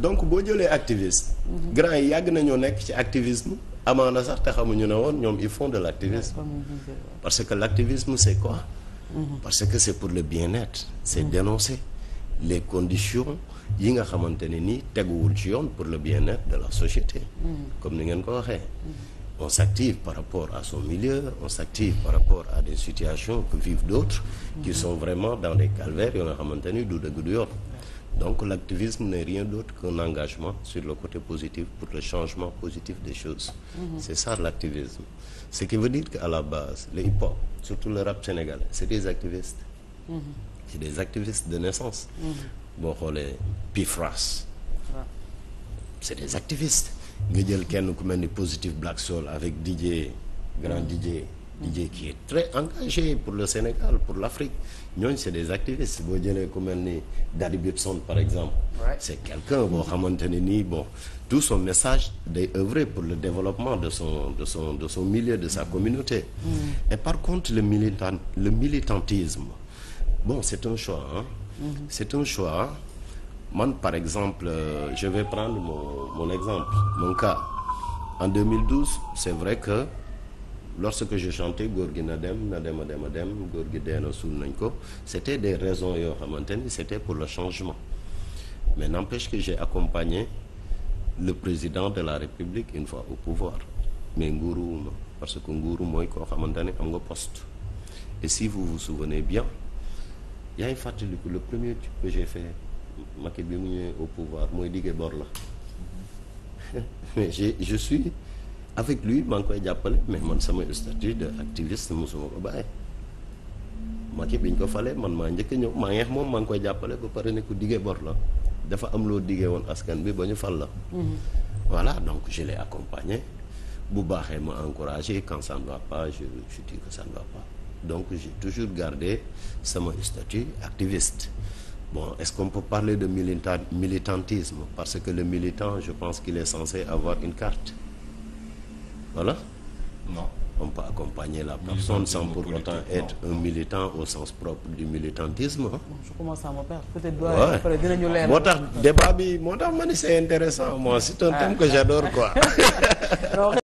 donc boo jëlee activiste. Mhm. grand yi yàgg nañoo nekk ci activisme amaana sax te xamuñu ne woon ñoom ils font de l' activisme. parce que l' activisme c' est mhm. parce que c' est pour le bien-être. c' est mhm. dénoncer les conditions yi nga xamante ne nii teguwul ci yoon pour le bien-être de la société. comme ni ngeen ko waxee. on s'active par rapport à son milieu on s'active par rapport à des situations que vivent d'autres qui sont vraiment dans des calvaires yoo nga xamante ni du dëgg du yoon Donc l'activisme n'est rien d'autre qu'un engagement sur le côté positif pour le changement positif des choses. Mm C'est ça l'activisme. Ce qui veut dire qu'à la base, le hip-hop, surtout le rap sénégalais, c'est des activistes. Mm C'est des activistes de naissance. Mhm. boo xoolee Pifras. c'est des activistes. nga jël kenn ku mel ni Positive Black Soul avec DJ grand DJ. Didier qui est très engagé pour le Sénégal pour l'Afrique ñooñu c'est des activistes boo jëlee ku mel ni Daddy Bibson par exemple c'est quelqu'un boo xamante ne nii bon tout son message day œuvrer pour le développement de son de son de son milieu de sa communauté mm. et par contre le militant le militantisme bon c'est un choix hein mm-hmm. c'est un choix man par exemple euh, je vais prendre mon mon exemple mon cas en c'est vrai que lorsque je chantais góor gi na dem na dem a dem a dem góor gi dee na suul nañ ko c'était des raisons yoo xamante ni c'était pour le changement mais n'empêche que j'ai accompagné le président de la République une fois au pouvoir mais nguuruwuma parce que nguuru mooy koo xamante ne am nga post et si vous vous souvenez bien yaa ngi fàttaliku le premier truc que j'ai fait Macky bi mu ñëwee au pouvoir mooy diggee bor la mais je suis avec lui maa ngi koy jàppale mais man sama statut de activiste mosuma ko bàyyi Macky bi ñu ko falee man maa njëkk ñëw maa ngeex moom maa ngi koy jàppale ba pare ne ku diggee bor la dafa am loo diggee woon askan bi ba ñu fal la mhm. voilà donc je l'ai accompagné bu baaxee ma encouragé quand ça ne va pas je je dis que va pas donc j'ai toujours gardé sama statut activiste bon est-ce qu'on peut parler de militantisme parce que le militant je pense qu'il est censé avoir une carte voilà non on peut accompagner la personne sans pour autant être non. un militant au sens propre du militantisme hein? je moo tax débat bi moo tax ma ni c'est intéressant moi c'est un ah. thème que j'adore quoi